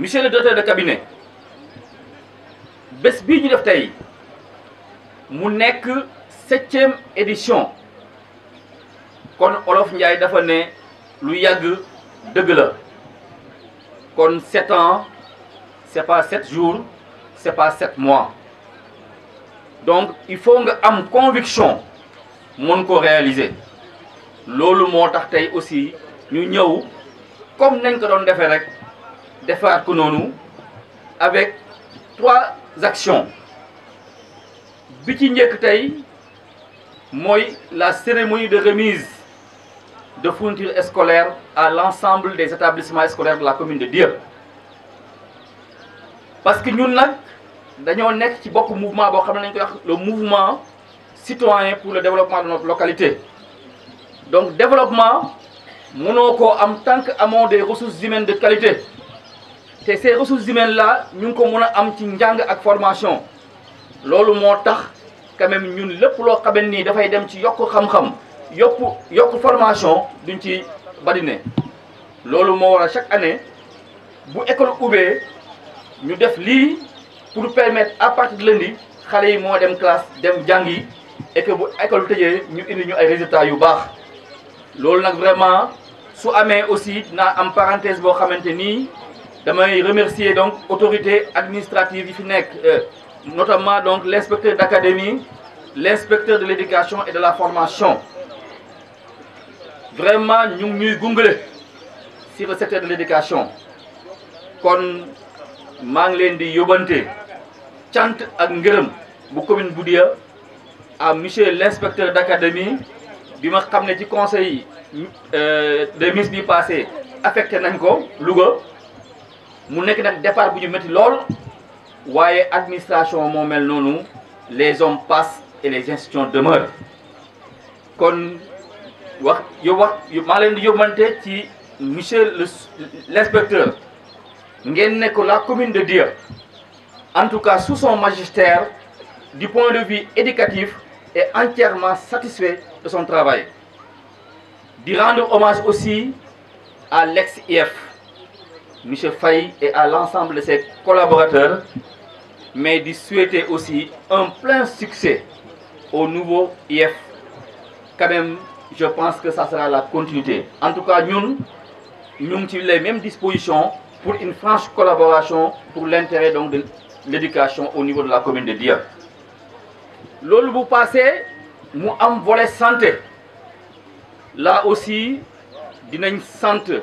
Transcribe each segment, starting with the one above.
monsieur le docteur de cabinet bes bi ñu def tay mu nekk 7e édition kon olof ndjay dafa né lu yagg deug la kon 7 ans c'est pas 7 jours c'est pas 7 mois donc il faut nga am conviction mon ko réaliser lolu motax tay aussi ñu ñew comme nañ ko don défé rek défaire faire avec trois actions bi ci moi la cérémonie de remise de fournitures scolaires à l'ensemble des établissements scolaires de la commune de Dier. parce que nous nous sommes mouvement le mouvement citoyen pour le développement de notre localité donc développement nous avons tant que des ressources humaines de qualité te ces ressources humaines là ñu ko mëna am ci njàng ak formation lolu moo tax quand même ñun lépp loo xamee da fay dem ci yokk xam-xam yokk yokk formation duñ ci badiné lolu mo wara chaque année bu école ubbee ñu def li pour permettre à partir de lundi xalé yi mo dem classe dem jangi et que bu école tëjee ñu indi ñu ay résultats yu bax lolu nak vraiment su amé aussi na am parenthèse bo xamante damay remercier donc autorités administratives euh, notamment donc l'inspecteur l'inspecteur l'inspecteur de l'éducation et de la formation vraiment nous avons ñuy sur le secteur de l'éducation. kon maa ngi di suis tiant ak ngeureum bu commune Boudia à monsieur l'inspecteur d'académie bi ci conseil euh, de ministres bi passé affecté nañ ko mu nek nak départ buñu metti métti lool administration mo mel nonou les hommes passent et les institutions demeurent kon wax yo wax ma leen di ci monsieur l'inspecteur la commune de Dieu. en tout cas sous son magistère du point de vue éducatif est entièrement satisfait de son travail di rendre hommage aussi à lex if M. Faye et à l'ensemble de ses collaborateurs, mais de souhaiter aussi un plein succès au nouveau IF. Quand même, je pense que ça sera la continuité. En tout cas, nous, nous avons les mêmes dispositions pour une franche collaboration pour l'intérêt de l'éducation au niveau de la commune de Dieu. L'autre vous passez, nous avons volet santé. Là aussi, nous avons santé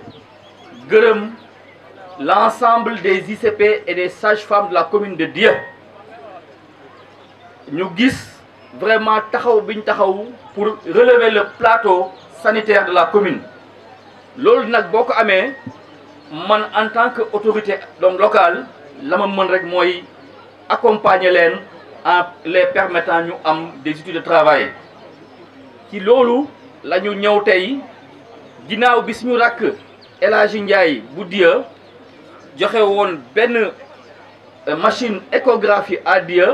l'ensemble des ICP et des sages-femmes de la commune de Dieu Nous gis vraiment taxaw bi pour relever le plateau sanitaire de la commune L'old nag amé, man en tant que autorité donc locale je ma accompagne rek accompagner en les permettant ñu am des études de travail Qui loolu la ñu ñëw tey ginnaaw bi suñu rakk joxe won ben euh, machine échographie dieu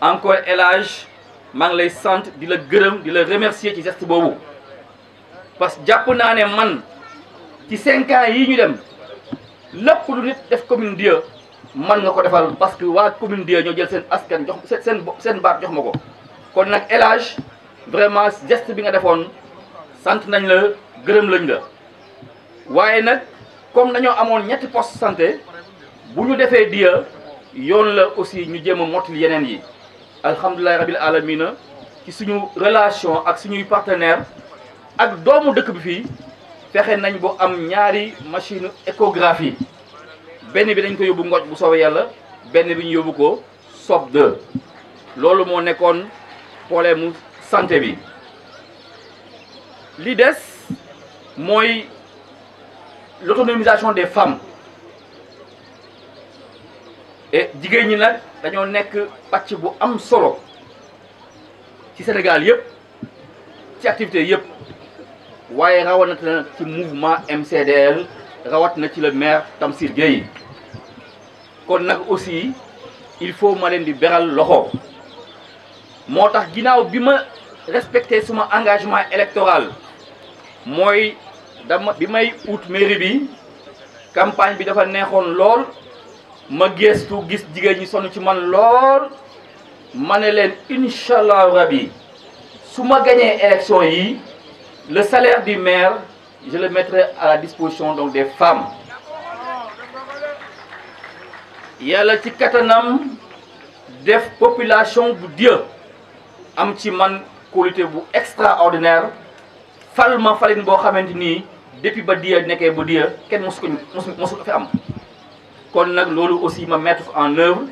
encore élage mang lay sant di la gërëm di la remercier ci geste bobu parce que jàpp man ci 5 ans yi ñu dem lepp lu nit def commune Dieu man nga ko defal parce que wa commune Dieu ñu jël sen askan jox sen sen baat jox mako kon nak élage vraiment geste bi nga defone sante nañ la gërëm lañ la waye nak comme dañoo amoon ñetti poste santé bu ñu defee DIA yoon la aussi ñu jéem a mottali yeneen yi alhamdulilahi rabil alamina ci suñu relation ak suñuy partenaire ak doomu dëkk bi fii fexe nañ bu am ñaari machine échographie benn bi dañ ko yobbu ngoj bu soobee yalla benn bi ñu yobbu ko sob 2 lolu mo nekkoon problème santé bi li dess moy l'autonomisation des femmes et jigéen là nag dañoo nekk bu am solo ci Sénégal yep, ci activité yep, waaye rawat na ci mouvement MCDL rawat na ci le maire Tamsir Gueye kon a aussi il faut ma libéral di beral loxo moo tax ginnaaw respecter respecter son engagement électoral Moi dama bi may ut mairie bi campagne bi dafa neexoon lool ma gestu gis jigéen ñi sonn ci man lool ma inshallah rabi su ma élection yi le salaire du maire je le mettrai à la disposition donc des femmes yalla ci katanam def population bu Dieu am ci man qualité bu extraordinaire fal ma falin bo xamanteni depuis que je nekkee ba je ne mosu pas que nous ko aussi mettre en œuvre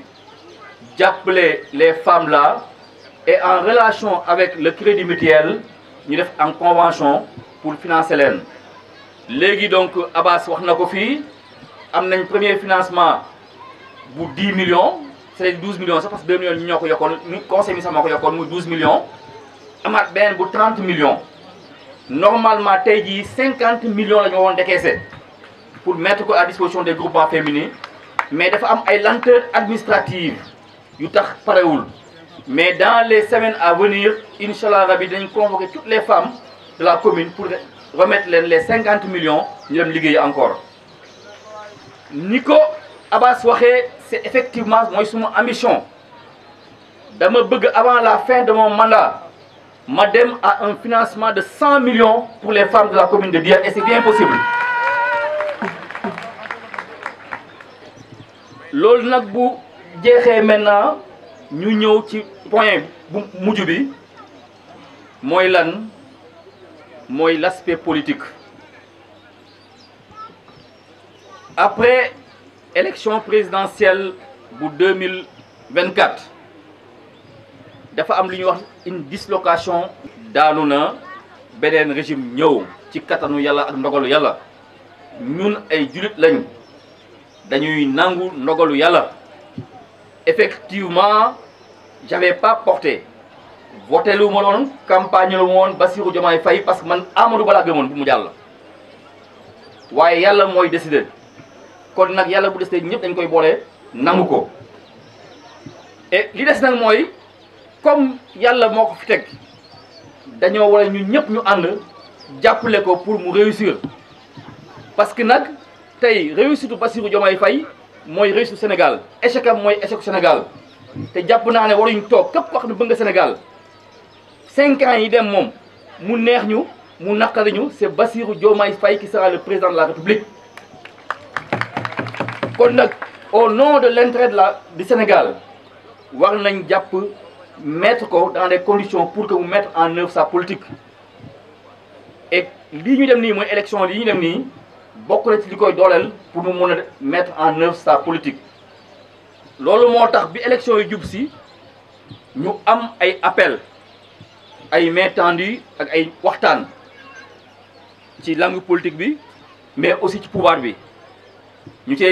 j'appelais les femmes là et en relation avec le crédit mutuel nous def en convention pour financer Les Légui donc Abbas wax na ko un premier financement pour 10 millions c'est-à-dire 12 millions Ça passe 2 millions de ko de 12 millions nous avons 30 millions normalement y a 50 millions de pour mettre à disposition des groupements féminins mais dafa femmes ay lenteur administrative mais dans les semaines à venir Inch'Allah Rabidin convoquer toutes les femmes de la commune pour remettre les 50 millions ñu dem encore Nico, Abbas c'est effectivement mon ambition dama avant la fin de mon mandat Madame a un financement de 100 millions pour les femmes de la commune de Dia et c'est bien possible. maintenant ñu ñëw ci point l'aspect politique après l'élection présidentielle de 2024 dafa am lu ñuy wax une dislocation daanu na beneen régime ñew ci katanu yalla ak ndogalu yalla ñun ay julit lañ dañuy nangul ndogalu yalla effectivement j'avais pas porté voté lu mo doon campagne lu ma woon Bassirou Diomaye Faye parce que man Amadou bala laa bu mu jall waye yalla moy décider kon nak yalla bu décider ñepp dañ koy bolé namuko et li dess nak moy comme Yalla y a pour réussir parce que nag avons réussi Bassirou Diomaye au Sénégal. réussite Sénégal Sénégal Sénégal cinq ans yi dem mu neex ñu c'est Bassirou qui sera le président de la République au nom de l'intérêt de la du Sénégal war nañ mettre dans des conditions pour que vous mettre en œuvre sa politique et ce que nous avons élection ñu dem beaucoup de pour nous mettre en œuvre sa politique nous moo l'élection nous élection yi si ñu appel ay main ak ay langue politique mais aussi le pouvoir Nous ñu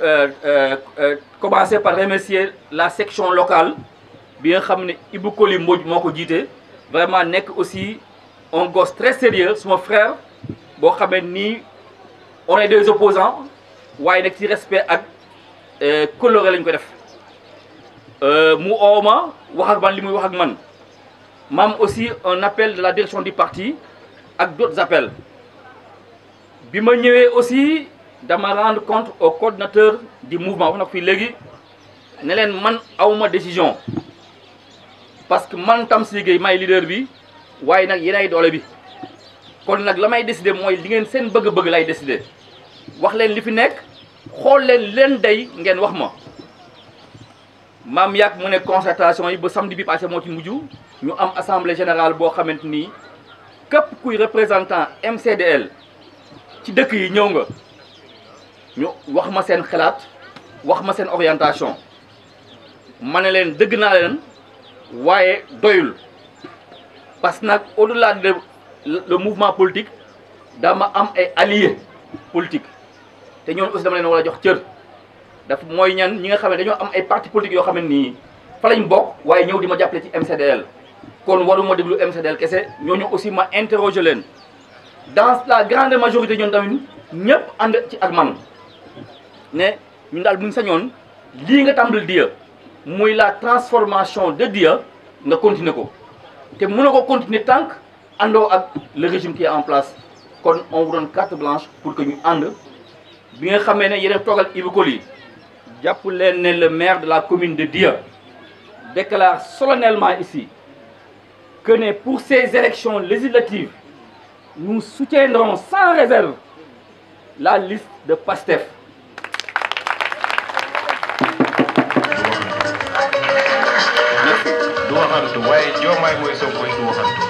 euh, euh, euh, commencer par remercier la section locale bi nga xam ne Ibou Koli vraiment nek aussi un gosse très sérieux mon frère bo xamé ni on est deux opposants waaye nek ci respect ak euh, coloré lañ ko def euh, mu ooma wax ak ban limuy wax ak man mam aussi un appel de la direction du parti ak d'autres appels bima ñëwé aussi dama rendre compte au coordinateur du mouvement wax na ko fii léegi ne man awuma décision parce que man Tamsir Gueye may leader bi waaye nag yéenay doole bi kon nag la may décider mooy li ngeen seen bëgg-bëgg lay décider wax leen li fi nekk xool leen leen day ngeen wax ma maam yàq mu ne concertation yi ba samedi bi passé moo ci mujj ñu am assemblée générale boo xamante nii képp kuy représentant MCDL ci dëkk yi ñëw nga ñu wax ma seen xalaat wax ma seen orientation ma ne leen dëgg naa leen doyul parce que au-delà de le mouvement politique dama am ay alliés politiques té ñoon aussi dama leen jox cër daf moy ñan ñi nga xamé dañu am ay parti politique yo fa lañ ma ci MCDL kon aussi ma interroger dans la grande majorité ñoon tamit ñëpp and ci ak man né ñun daal buñ sañoon nga dire la transformation de Dieu ne continue pas. té mënoo ko continuer tant que le régime qui est en place kon on vous donne carte blanche pour que nous and bi nga xamé né yéne le maire de la commune de Dieu déclare solennellement ici que pour ces élections législatives nous soutiendrons sans réserve la liste de PASTEF Que pourquoi Diomaye mooy Sonko du waxantu.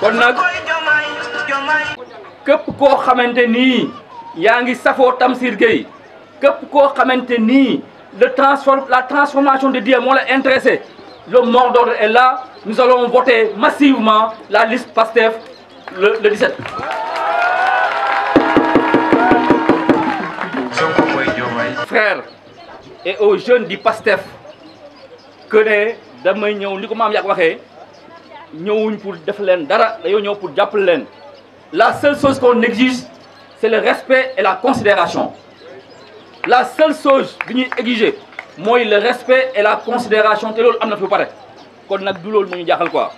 kon nag ni yaa ngi Tamsir ni le transforme la transformation de diamants moo la le mordor est là nous allons voter massivement la liste PASTEF le 17. frère et aux jeunes du PASTEF que les damay ñëw ni ko maam yak waxé ñëwuñ pour def leen dara dañoo ñëw pour jàppale leen la seule chose qu'on exige c'est le respect et la considération la seule chose qu'on exige, exiger le respect et la considération té lool amna fi pare kon nak du lool mu ñu jaxal quoi